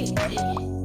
Yeah.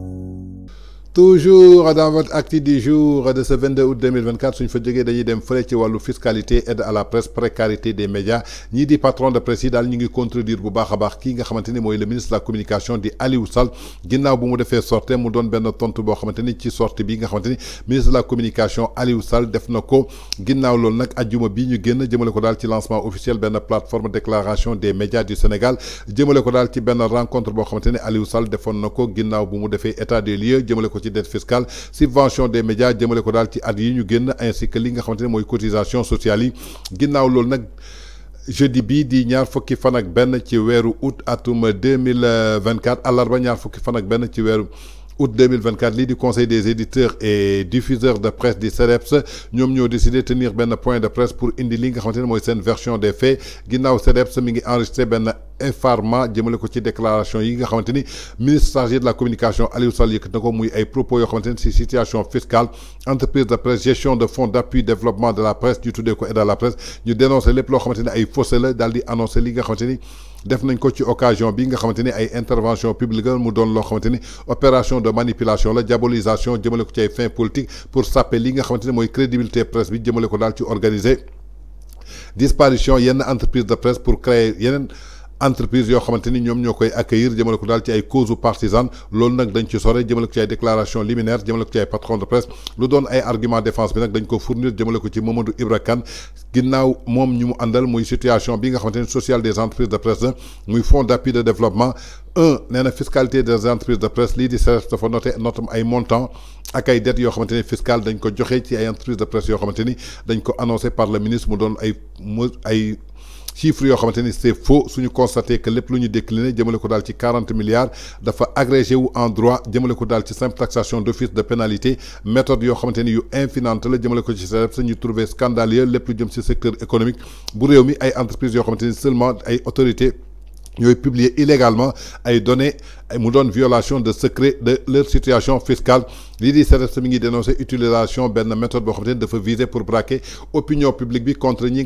toujours dans votre acte du jour de ce 22 août 2024 suñ fa jógee dañuy dem fële ci wàllu fiscalité aide à la presse précarité des médias ñii di patron de presse yi daal ñu ngi contredire bu baax baax kii nga xamante ni le ministre de la communication di Aliou Sall ginnaaw bu mu defee sortie mu doon benn tontu boo xamante ni ci sortie bi nga xamante ministre de la communication Aliou Sall def na ko ginnaaw loolu nag ajjuma bi ñu génn jëmale ko daal ci lancement officiel benn plateforme déclaration des médias du Sénégal jëmale ko daal ci benn rencontre boo xamante ni Aliou Sall defoon na ko ginnaaw bu mu defee état des lieux jëmale ko ci dette fiscale subvention des médias des ko daal ci yi ainsi que li nga xamante ne mooy cotisation sociale yi ginnaaw loolu jeudi bii di ñaar fukki fan ak benn ci weeru août atum deux mille vingt quatre àllarba ñaar fukki fan ak ci août 2024 lii du conseil des éditeurs et diffuseurs de presse des CEDEPS nous ñoo décidé de tenir ben point de presse pour indi li nga xamante version des faits ginnaaw CEDEPS mi ngi enregistré ben Infarma jëmele ko ci déclaration yi nga ministre chargé de la communication Aliou Sall yëkkat na ko muy ay propos yoo situation fiscale entreprise de presse gestion de fonds d'appui développement de la presse du tout ko la presse ñu dénoncé lépp loo xamante ni ay fausse la daal di annoncé li nga xamante def nañ occasion bi nga xamante ni ay intervention publique mu doon loo opération de manipulation la diabolisation jëmale ko ci ay fin politique pour saper li nga xamante ni crédibilité presse bi jëmale ko daal ci organiser disparition une entreprise de presse pour créer yeneen entreprise yo xamanteni ñom ñoom accueillir jëmale ko dal ci ay causes partisanes lool nak dañ ci sore jëmale ko ci ay déclaration liminaire jëmale ko ci ay patron de presse lu doon ay argument défense bi nak dañ ko fournir jëmale ko ci Mamadou Ibra ginnaw mom moom ñu mu àndal muy situation bi nga xamanteni social des entreprises de presse la muy fonds d'appui de développement un néna fiscalité des entreprises de presse li di CREF dafa noté notam ay montants ak ay dettes yo xamanteni fiscal dañ ko joxé ci ay entreprises de presse yo xamanteni dañ ko annoncer par le ministre mu doon ay ay chiffre yo xamanteni c'est faux suñu constaté que lepp luñu décliné jëmele ko dal ci 40 milliards dafa agrégé ou en droit jëmele ko dal ci simple taxation d'office de pénalité méthode yo xamanteni yu infinante la jëmele ko ci CEDEPS trouvé scandaleux lepp lu jëm ci secteur économique bu réew mi ay entreprises yo xamanteni seulement ay autorités ont publié illégalement et donné une violation de secret de leur situation fiscale L'éditeur di CREPS l'utilisation dénoncer dénoncé de la méthode de visée pour braquer opinion publique contre les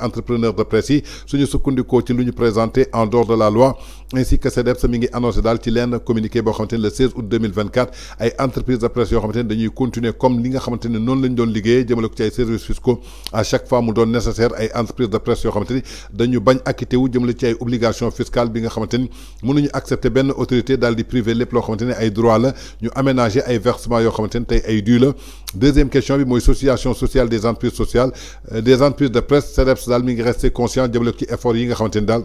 entrepreneurs de précis. Ce suñu nous ci présenté en dehors de la loi ainsi que CDEPS mi mingi annoncé dal ci lenn communiqué bo xamante le 16 août 2024 ay entreprises de presse yoo xamante dañuy continuer comme li nga xamante non lañ doon liggéey jëmale ko ci ay services fiscaux à chaque fois mu doon nécessaire ay entreprises de presse yo xamante dañu bañ acquitté wu jëmale ci ay obligation fiscale bi nga xamante ni mënuñu accepter benn autorité dal di privé lépp loo xamante ay droit la ñu aménager ay versement yo xamante tay ay dû la deuxième question bi mooy association sociale des entreprises sociales euh, des entreprises de presse CDEPS dal mi ngi resté conscient jëmale ko ci effort yi nga xamante dal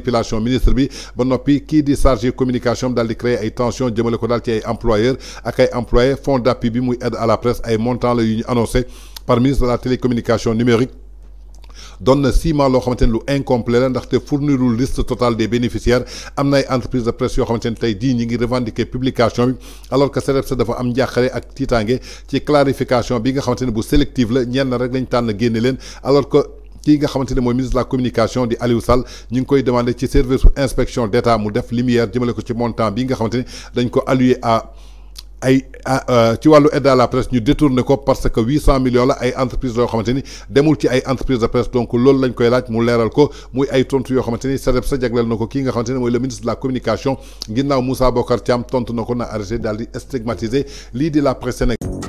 manipulation ministre bi ba qui ki di communication dans di créer ay tension jëmale ko dal ci ay employeur ak ay employé fonds d'appui bi muy aide à la presse ay montant la yu annoncé par ministre de la télécommunication numérique donne na six mois lu incomplet la fournir fournirul liste totale des bénéficiaires amna ay entreprise de presse yo xamante tay di ñi ngi revendiquer publication bi alors que CEDEPS dafa am njàqare ak tiitaange ci clarification bi nga xamante ne bu sélective la ñen rek lañ tan génné len alors que kii nga xamante moy ministre de la communication di Aliou Sall ñu ngi koy demander ci service inspection d' mu def lumière jëmele ko ci montant bi nga xamante dañ ko alloué à ay euh, ci walu aide à la presse ñu détourné ko parce que huit millions la ay entreprise yoo xamanteni demul ci ay entreprise de presse donc loolu lañ koy laaj mu leeral ko muy ay tontu yo xamanteni ni sa jagleel nako ki nga xamanteni moy le ministre de la communication ginnaw Moussa Bokar Thiam tontu nako na arrêté dal di stigmatiser li di la presse sénégalaise